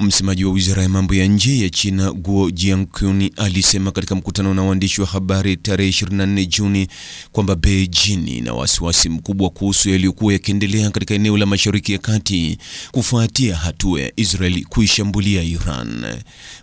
Msemaji wa Wizara ya Mambo ya Nje ya China, Guo Jiankun, alisema katika mkutano na waandishi wa habari tarehe 24 Juni kwamba Beijing ina wasiwasi mkubwa kuhusu yaliyokuwa yakiendelea katika eneo la Mashariki ya Kati kufuatia hatua ya Israel kuishambulia Iran.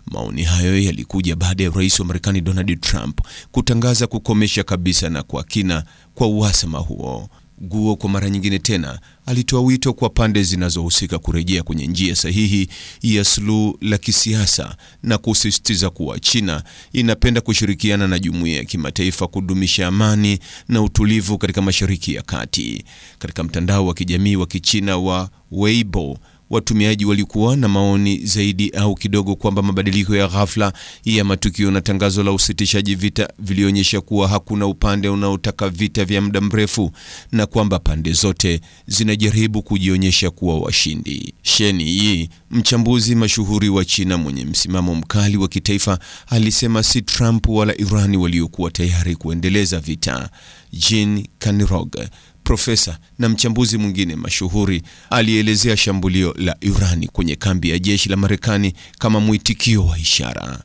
Maoni hayo yalikuja baada ya Rais wa Marekani Donald Trump kutangaza kukomesha kabisa na kwa kina kwa uhasama huo. Guo kwa mara nyingine tena alitoa wito kwa pande zinazohusika kurejea kwenye njia sahihi ya suluhu la kisiasa na kusisitiza kuwa China inapenda kushirikiana na jumuiya ya kimataifa kudumisha amani na utulivu katika Mashariki ya Kati. Katika mtandao wa kijamii wa Kichina wa Weibo, Watumiaji walikuwa na maoni zaidi au kidogo kwamba mabadiliko ya ghafla ya matukio na tangazo la usitishaji vita vilionyesha kuwa hakuna upande unaotaka vita vya muda mrefu na kwamba pande zote zinajaribu kujionyesha kuwa washindi. Shen Yi, mchambuzi mashuhuri wa China mwenye msimamo mkali wa kitaifa, alisema si Trump wala Irani waliokuwa tayari kuendeleza vita Jean Kaniroge, profesa na mchambuzi mwingine mashuhuri, alielezea shambulio la Irani kwenye kambi ya jeshi la Marekani kama mwitikio wa ishara.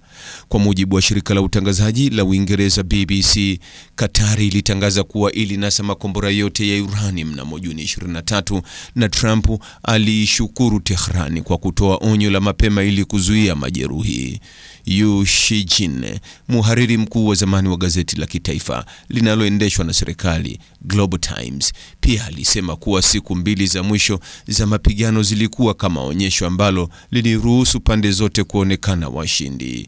Kwa mujibu wa shirika la utangazaji la Uingereza BBC, Katari ilitangaza kuwa ilinasa makombora yote ya irani mnamo Juni 23 na Trump aliishukuru Tehran kwa kutoa onyo la mapema ili kuzuia majeruhi. Yu Shijin, muhariri mkuu wa zamani wa gazeti la kitaifa linaloendeshwa na serikali Global Times, pia alisema kuwa siku mbili za mwisho za mapigano zilikuwa kama onyesho ambalo liliruhusu pande zote kuonekana washindi.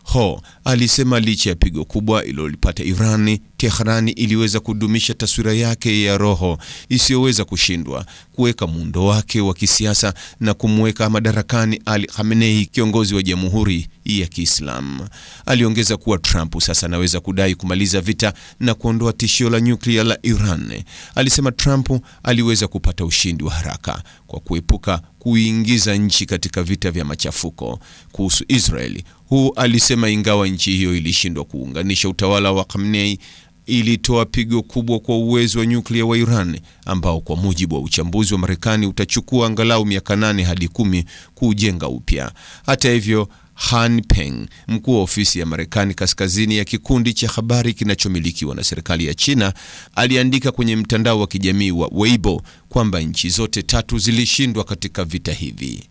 Ho alisema licha ya pigo kubwa ililolipata Irani, Tehrani iliweza kudumisha taswira yake ya roho isiyoweza kushindwa, kuweka muundo wake wa kisiasa na kumweka madarakani Ali Khamenei, kiongozi wa Jamhuri ya Kiislamu. Aliongeza kuwa Trump sasa anaweza kudai kumaliza vita na kuondoa tishio la nyuklia la Iran. Alisema Trump aliweza kupata ushindi wa haraka kwa kuepuka kuingiza nchi katika vita vya machafuko. Kuhusu Israeli, huu alisema amesema ingawa nchi hiyo ilishindwa kuunganisha utawala wa Khamenei ilitoa pigo kubwa kwa uwezo wa nyuklia wa Iran ambao kwa mujibu wa uchambuzi wa Marekani utachukua angalau miaka nane hadi kumi kuujenga upya. Hata hivyo, Han Peng, mkuu wa ofisi ya Marekani kaskazini ya kikundi cha habari kinachomilikiwa na serikali ya China, aliandika kwenye mtandao wa kijamii wa Weibo kwamba nchi zote tatu zilishindwa katika vita hivi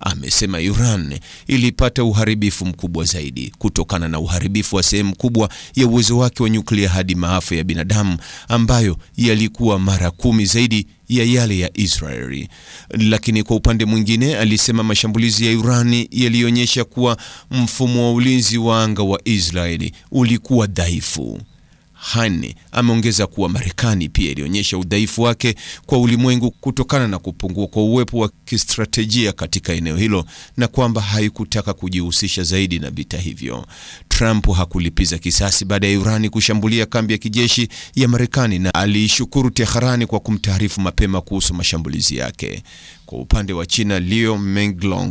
amesema Iran ilipata uharibifu mkubwa zaidi kutokana na uharibifu wa sehemu kubwa ya uwezo wake wa nyuklia hadi maafa ya binadamu ambayo yalikuwa mara kumi zaidi ya yale ya Israeli. Lakini kwa upande mwingine, alisema mashambulizi ya iran yalionyesha kuwa mfumo wa ulinzi wa anga wa Israeli ulikuwa dhaifu. Hani ameongeza kuwa Marekani pia ilionyesha udhaifu wake kwa ulimwengu kutokana na kupungua kwa uwepo wa kistratejia katika eneo hilo na kwamba haikutaka kujihusisha zaidi na vita hivyo. Trump hakulipiza kisasi baada ya Irani kushambulia kambi ya kijeshi ya Marekani na aliishukuru Teherani kwa kumtaarifu mapema kuhusu mashambulizi yake. Kwa upande wa China, Liu Menglong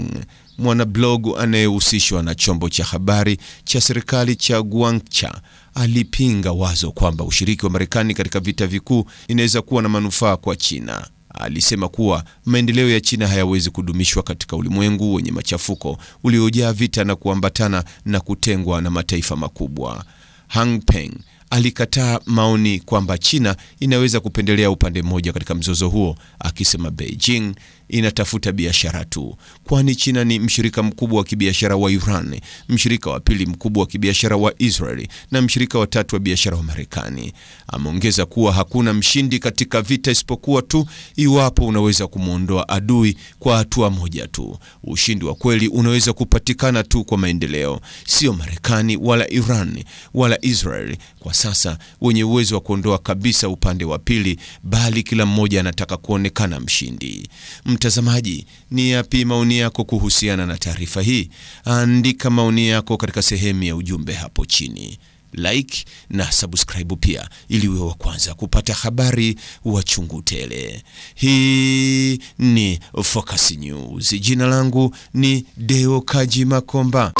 mwanablogu anayehusishwa na chombo cha habari cha serikali cha Guangcha alipinga wazo kwamba ushiriki wa Marekani katika vita vikuu inaweza kuwa na manufaa kwa China alisema kuwa maendeleo ya China hayawezi kudumishwa katika ulimwengu wenye machafuko uliojaa vita na kuambatana na kutengwa na mataifa makubwa. Hang Peng alikataa maoni kwamba China inaweza kupendelea upande mmoja katika mzozo huo, akisema Beijing inatafuta biashara tu, kwani China ni mshirika mkubwa wa kibiashara wa Iran, mshirika wa pili mkubwa wa kibiashara wa Israeli na mshirika wa tatu wa biashara wa Marekani. Ameongeza kuwa hakuna mshindi katika vita isipokuwa tu iwapo unaweza kumwondoa adui kwa hatua moja tu. Ushindi wa kweli unaweza kupatikana tu kwa maendeleo, sio Marekani wala Iran wala Israeli kwa sasa wenye uwezo wa kuondoa kabisa upande wa pili, bali kila mmoja anataka kuonekana mshindi. Mtazamaji, ni yapi maoni yako kuhusiana na taarifa hii? Andika maoni yako katika sehemu ya ujumbe hapo chini. Like na subscribe pia ili uwe wa kwanza kupata habari wa chungu tele. Hii ni Focus News. Jina langu ni Deo Kaji Makomba.